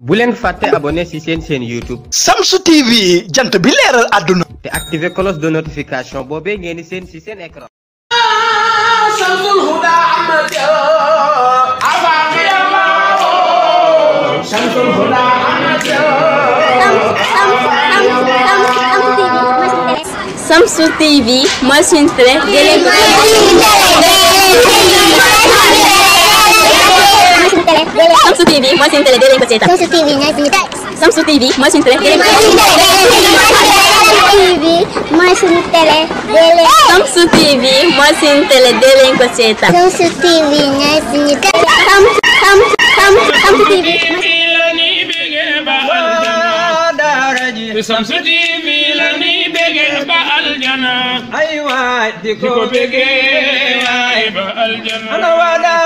bu len faté abonné ci sen sen YouTube Samsung TV jant bi leral aduna té activer cloche de notification bobé Samsung sen amadeo. ci sen écran samsul huda amad Samsung Samsung samsul huda amad Samsung TV mooy 3, TV mooy seen télé dinañ ko seetaan. Samsu TV ñooy suñu télé. Samsu TV mooy suñu télé. dinañ ko seetaan mooy suñu télé. Samsu TV mooy suñu télé dinañ ko seetaan. Samsu TV ñooy suñu télé. Samsu Samsu Samsu Samsu TV. Samsu TV la ñuy bégee ba aljana. ay waay di ko bégee waay ba aljana.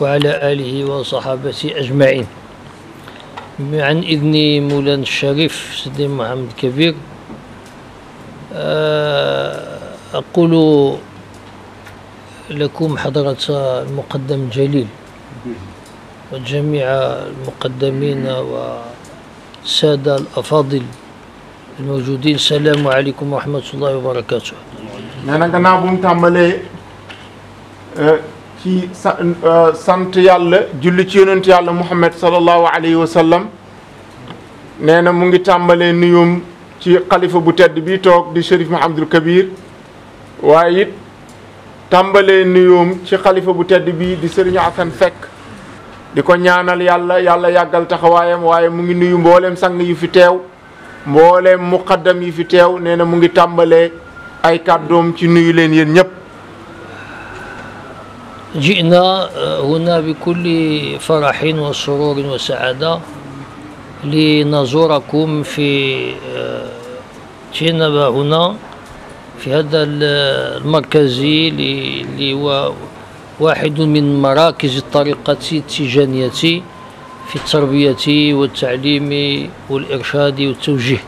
وعلى آله وصحابته أجمعين عن إذن مولانا الشريف سيدي محمد كبير آه، أقول لكم حضرة المقدم الجليل وجميع المقدمين والسادة الأفاضل الموجودين السلام عليكم ورحمة الله وبركاته. نعم، ci euh, sant yàlla julli ci yonent yàlla muhammad sallallahu alayhi wa sallam nee na mu ngi tàmbalee nuyum ci xalifa bu tedd bi toog di Chérif Mahamadul Kabir waaye it tàmbalee nuyum ci xalifa bu tedd bi di Serigne Assane Seck di ko ñaanal yàlla yàlla yàggal taxawaayam waaye mu ngi nuyu mbooleem sang yu fi teew mbooleem muqaddam yi fi teew nee na mu ngi tàmbalee ay kàddoom ci nuyu leen yéen ñëpp جئنا آه، هنا بكل فرح وسرور وسعادة لنزوركم في آه، جنبة هنا في هذا آه، المركز اللي هو واحد من مراكز الطريقة التيجانية في التربية والتعليم والإرشاد والتوجيه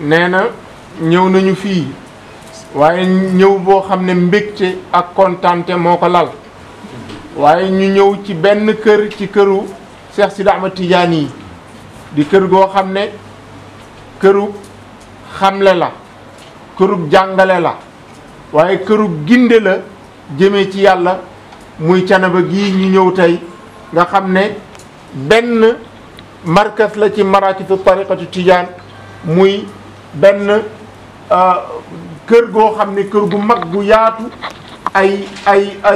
نانا نيونا nañu في waaye ñëw boo xam ne mbégte ak waaye ñu ñëw ci benn kër ci këru Cheikh Sidi Ahmad Tidiane yi di kër goo xam ne këru xamle la kërub jàngale la waaye kërub ginde la jëme ci yàlla muy canaba gi ñu ñëw tey nga xam ne benn markas la ci marakisu tariqatu tijaan muy benn euh, kër goo xam ne kër gu mag gu yaatu جئنا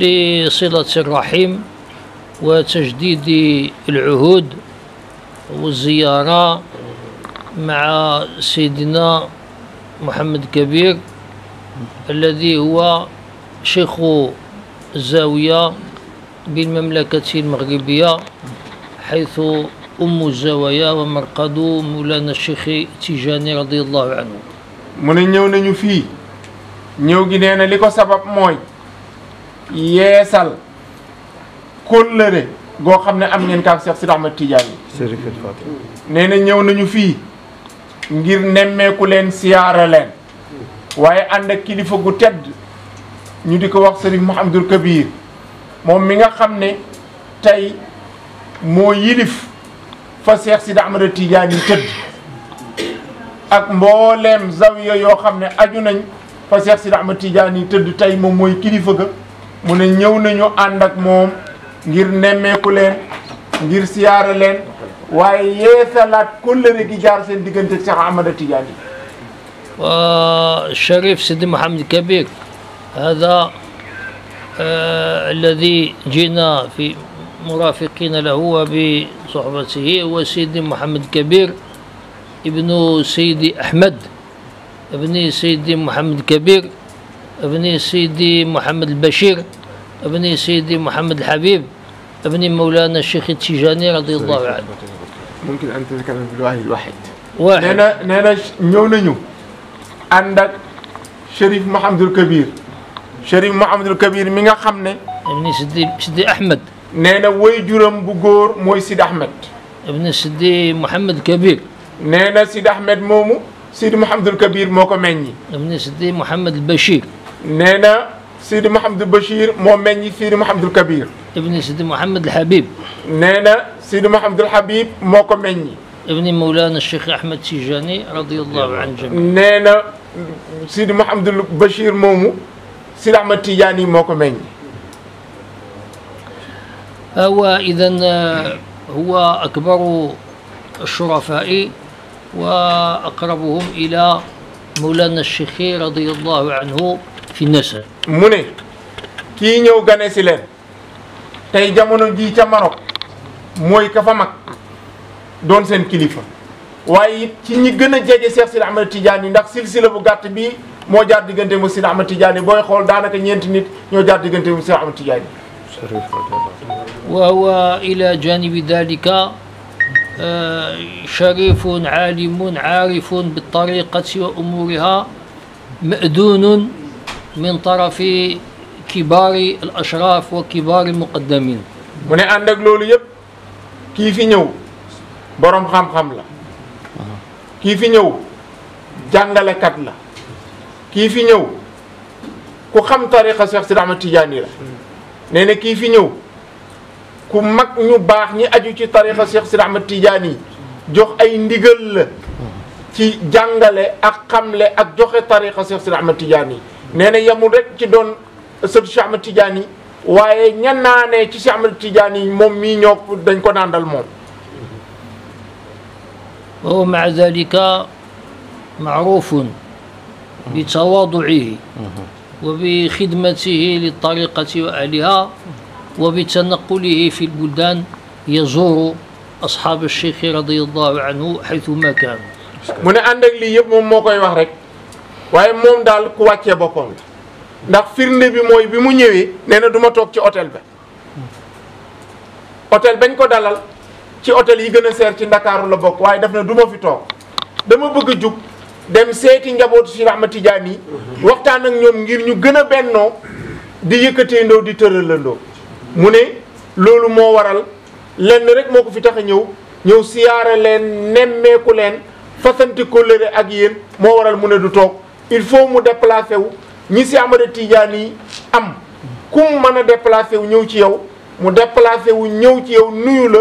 لصلة الرحيم وتجديد العهود والزيارة مع سيدنا محمد كبير الذي هو شيخ الزاوية بالمملكة المغربية حيث أم الزوايا ومرقد مولانا الشيخ تيجاني رضي الله عنه من نيو نيو في نيو غينينا ليكو سبب موي ياسال كل ري غو خامنا ام نين كا شيخ سيد احمد تيجاني سيري الفاتح نينا نيو نيو في غير نيميكو لين سياره لين واي اند كليفه غو تيد ني ديكو واخ شريف محمد الكبير moom mi nga xam ne tey moo yilif fa Seex Sidi Ahmada Tidiane yi tëdd ak mbooleem zawiya yoo xam ne aju nañ fa Seex a Ahmada Tidiane yi tëdd tey moom mooy kilifa ga mu ne ñëw nañu ànd ak moom ngir nemmeeku leen ngir siyaara leen waaye yeesalaat kóllëre gi jaar seen diggante Seex Ahmada Tidiane yi. Sharif Sidi Mohamed Kabir hada آه الذي جينا في مرافقين له وبصحبته هو سيدي محمد كبير ابن سيدي أحمد ابن سيدي محمد كبير ابن سيدي محمد البشير ابن سيدي محمد الحبيب ابن مولانا الشيخ التيجاني رضي الله عنه ممكن أن تتكلم بالواحد الواحد واحد نانا نانا نيو نيو عندك شريف محمد الكبير شريف محمد الكبير ميغا خامني ابن سيدي سيدي احمد نانا وي جورم بو موي سيدي احمد ابن سيدي محمد الكبير نانا سيدي احمد مومو سيدي محمد الكبير موكو ميني ابن سيدي محمد البشير نانا سيدي محمد البشير مو ميني سيدي محمد الكبير ابن سيدي محمد الحبيب نانا سيدي محمد الحبيب موكو ميني ابن مولانا الشيخ احمد سيجاني رضي الله عنه جميع نانا سيدي محمد البشير مومو سلام تيجاني مكمل هو إذا هو أكبر الشرفاء وأقربهم إلى مولانا الشيخ رضي الله عنه في النسب مني كي نيو غاني سيلين تاي جامونو جي تا ماروك موي كافا ماك دون سين كليفه واي تي ني غنا جيجي شيخ سيد احمد تيجاني ndax silsila bu gatt bi mo jaar diggante mo Sidi Ahmad Tidiane booy xool daanaka ñent nit ño jaar diggante mo Sidi Ahmad Tidiane وهو إلى جانب ذلك آه، شريف عالم عارف بالطريقة وأمورها مأدون من طرف كبار الأشراف وكبار المقدمين من عندك لولو يب كيف نيو بروم خام خام لا كي نيو جانغالي كات kii fi ñëw ku xam tariqa Cheikh Sidi Ahmad Tidiane la nee kii fi ñëw ku mag ñu baax ñi aju ci tariqa Cheikh Sidi Ahmad Tidiane yi jox ay ndigal la ci jàngale ak xamle ak joxe tariqa Cheikh Sidi Ahmad Tidiane yi nee na yemul rek ci doon sëtu Cheikh Ahmad Tidiane yi waaye ñan naa ci Cheikh Ahmad Tidiane yi moom mii ñoo dañ ko nàndal moom wa huwa ma'a zalika بتواضعه وبخدمته للطريقة وأهلها وبتنقله في البلدان يزور أصحاب الشيخ رضي الله عنه حيثما كان من عندك لي يب موم موكاي واخ رك واي دال كو واتي بوكوم دا بي موي بي مو نينا دوما توك سي اوتيل با اوتيل بنكو دالال سي اوتيل يي سير سي داكار لا بوك واي دوما في توك دما بوك جوك dem seeti njabootu Cheikh Ahmad Tidiane yi waxtaan ak ñoom ngir ñu gën a bennoo di yëkkateendoo di tëralandoo mu ne loolu moo waral lenn rek moo ko fi tax a ñëw ñëw siyaara leen nemmeeku leen fasante kóllëre ak yéen moo waral mu ne du toog il faut mu déplacé wu ñi Cheikh Ahmad Tidiane yi am ku mu mën a déplacé wu ñëw ci yow mu déplacé wu ñëw ci yow nuyu la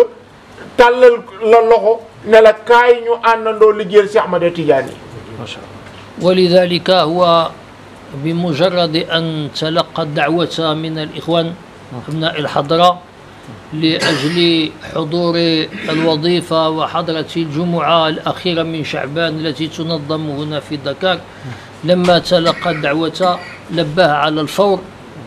tàllal la loxo ne la kaay ñu àndandoo liggéeyal Cheikh Ahmad Tidiane yi ولذلك هو بمجرد أن تلقى الدعوة من الإخوان أبناء الحضرة لأجل حضور الوظيفة وحضرة الجمعة الأخيرة من شعبان التي تنظم هنا في دكار لما تلقى الدعوة لبه على الفور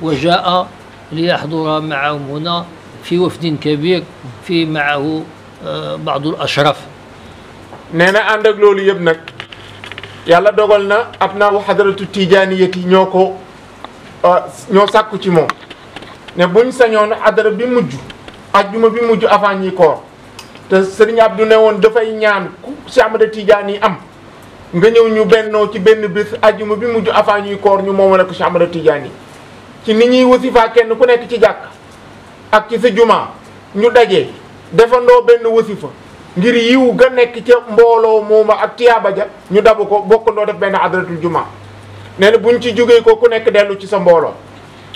وجاء ليحضر معهم هنا في وفد كبير في معه آه، بعض الأشراف نانا عندك لولي ابنك yàlla dogal na ab naawu xadaratu tijaaniyet yi ñoo ko euh, ñoo sàkku ci moom ne buñ sañoon xadara bi mujj ajjuma bi mujj avant te sëriñ Abdou ne woon dafay ñaan ku si yi am nga ñëw ñu ci benn bés ajjuma bi mujj avant ñuy koor ñu moomale ko si Amada Tidiane yi ci ni ñuy wasifaa kenn ku nekk ci jàkk ak ci sa jumaa ñu daje defandoo benn wasifa ngir yiw ga nekk ca mbooloo mooma ak tiyaaba ja ñu dabu ko bokkandoo def benn adratul juma nee bu buñ ci jógee koo ku nekk dellu ci sa mbooloo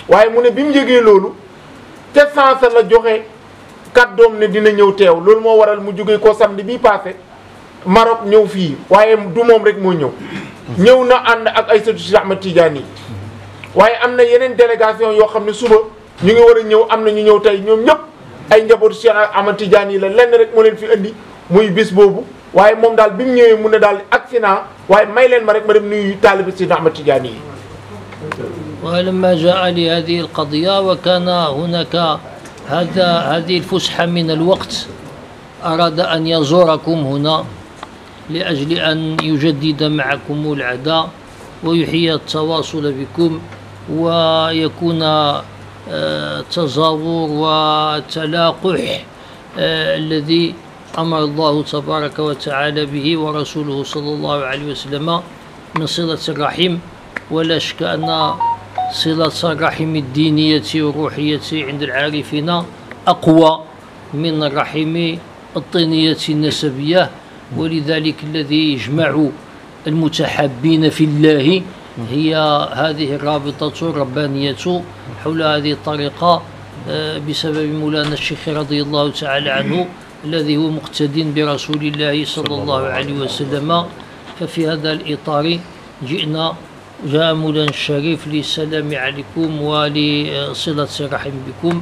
waaye mu ne bi mu jógee loolu te sansa la joxe doom ne dina ñëw teew loolu moo waral mu jógee ko samedi bii passé Maroc ñëw fii waaye du moom rek moo ñëw ñëw na ànd ak Aïssatou Sy Ahmed Tidiane yi waaye am na yeneen délégation yoo xam ne suba ñu ngi war a ñëw am na ñu ñëw tey ñoom ñëpp ay njabootu Cheikh Ahmed Tidiane yi la lenn rek moo leen fi indi muy bis bobu waye mom dal daal ñewé mu ne dal agsi naa waaye may leen ma rek ma dem nuyu taalibi Seydina Ahmad Tidiane yi ولما جاء لهذه القضية وكان هناك هذا هذه الفسحة من الوقت أراد أن يزوركم هنا لأجل أن يجدد معكم العداء ويحيي التواصل بكم ويكون تزاور وتلاقح الذي أمر الله تبارك وتعالى به ورسوله صلى الله عليه وسلم من صلة الرحم ولا شك أن صلة الرحم الدينية والروحية عند العارفين أقوى من الرحم الطينية النسبية ولذلك الذي يجمع المتحابين في الله هي هذه الرابطة الربانية حول هذه الطريقة آه، بسبب مولانا الشيخ رضي الله تعالى عنه الذي هو مقتد برسول الله صلى الله عليه وسلم ففي هذا الإطار جئنا جاء مولانا الشريف للسلام عليكم ولصلة آه، الرحم بكم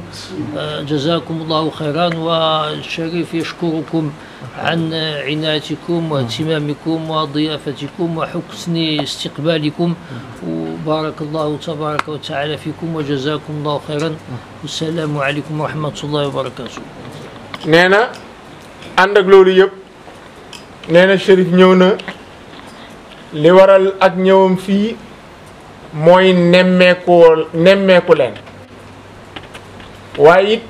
آه، جزاكم الله خيرا والشريف يشكركم عن عنايتكم واهتمامكم وضيافتكم وحسن استقبالكم وبارك الله تبارك وتعالى فيكم وجزاكم الله خيرا والسلام عليكم ورحمة الله وبركاته ànd ak loolu yëpp nee na Chérif ñëw na li waral ak ñëwam fii mooy nemmeekoo nemmeeku leen waaye it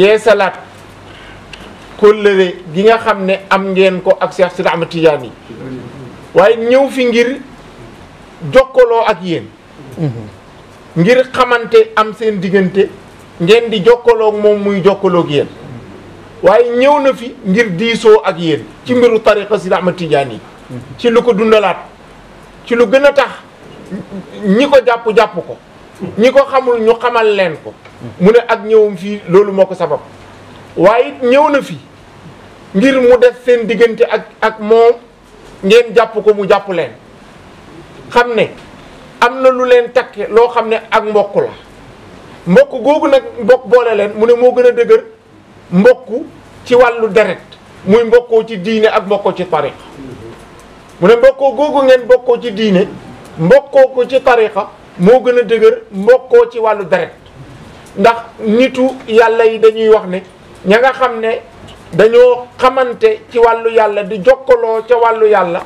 yeesalaat kóllëre gi nga xam ne am ngeen ko ak Cheikh Sidi Ahmed Tidiane yi waaye ñëw fi ngir jokkaloo ak yéen ngir xamante am seen diggante ngeen di jokkalook moom muy jokkaloo ak waaye ñëw na fi ngir diisoo ak yéen ci mbiru tariqa Sidi Ahmad Tidiane yi ci lu ko dundalaat ci lu gën a tax ñi ko jàpp-jàpp ko ñi ko xamul ñu xamal leen ko mu ne ak ñëwum fii loolu moo ko sabab waaye ñëw na fi ngir mu def seen diggante ak ak moom ngeen jàpp ko mu jàpp leen xam ne am na lu leen takke loo xam ne ak mbokk la mbokk googu nag mbokk boole leen mu ne moo gën a dëgër mbokku ci wàllu deret muy mbokkoo ci diine ak mbokkoo ci tariqa mu ne mbokkoo googu ngeen mbokkoo ci diine mbokkoo ko ci tariqa moo gën a dëgër mbokkoo ci wàllu deret ndax nitu yàlla yi dañuy wax ne ña nga xam ne dañoo xamante ci wàllu yàlla di jokkaloo ca wàllu yàlla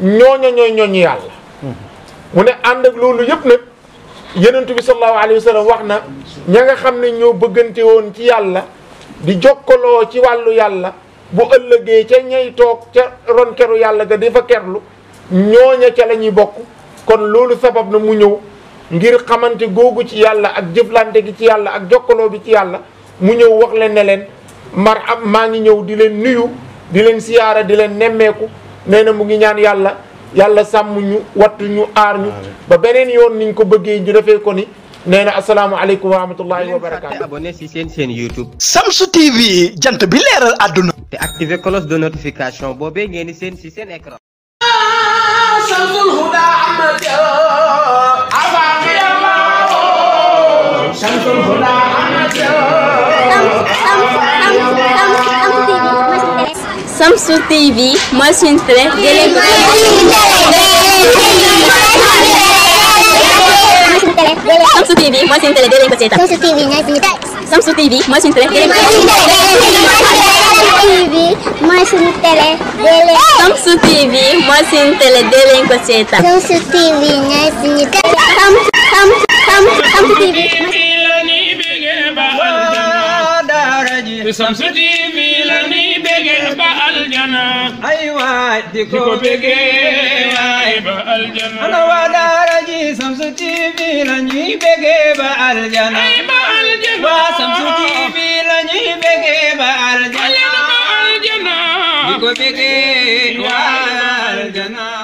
ñooña ñooy ñooñ yàlla mu ne ànd ak loolu yëpp nag yenentu bi sallallahu alayhi wa sallam wax na ña nga xam ne ñoo bëggante woon ci yàlla di jokkaloo ci wàllu yàlla bu ëllëgee ca ñay toog ca ronkeru yàlla ga di fa kerlu ñooña ca la ñuy bokk kon loolu sabab na mu ñëw ngir xamante googu ci yàlla ak jëflante gi ci yàlla ak jokkaloo bi ci yàlla mu ñëw wax leen ne leen mar ab maa ngi ñëw di leen nuyu di leen siyaara di leen nemmeeku nee na mu ngi ñaan yàlla yàlla sàmm ñu wattu ñu aar ñu ba beneen yoon ni ñu ko bëggee ñu defee ko ni neena assalamu alaykum wa rahmatullahi abonné ci sen sen youtube samsu tv jant bi leral aduna té activer cloche de notification bobé sen ci sen écran samsul huda samsul huda tv Masih tele dereng peserta. Samsung TV nyai penyedak. Samsung TV masih tele dereng. Masih tele dereng. Samsu TV masih tele dereng peserta. Samsung TV nyai penyedak. Samsung Samsu Samsu Samsu TV. Samsu TV lani bege aljana ay waay di ko bégee waay ba aljana ana waa daara ji Shamsu TV la ñuy bégee ba aljana ay ba aljana waa ba aljana di ko bégee waay aljana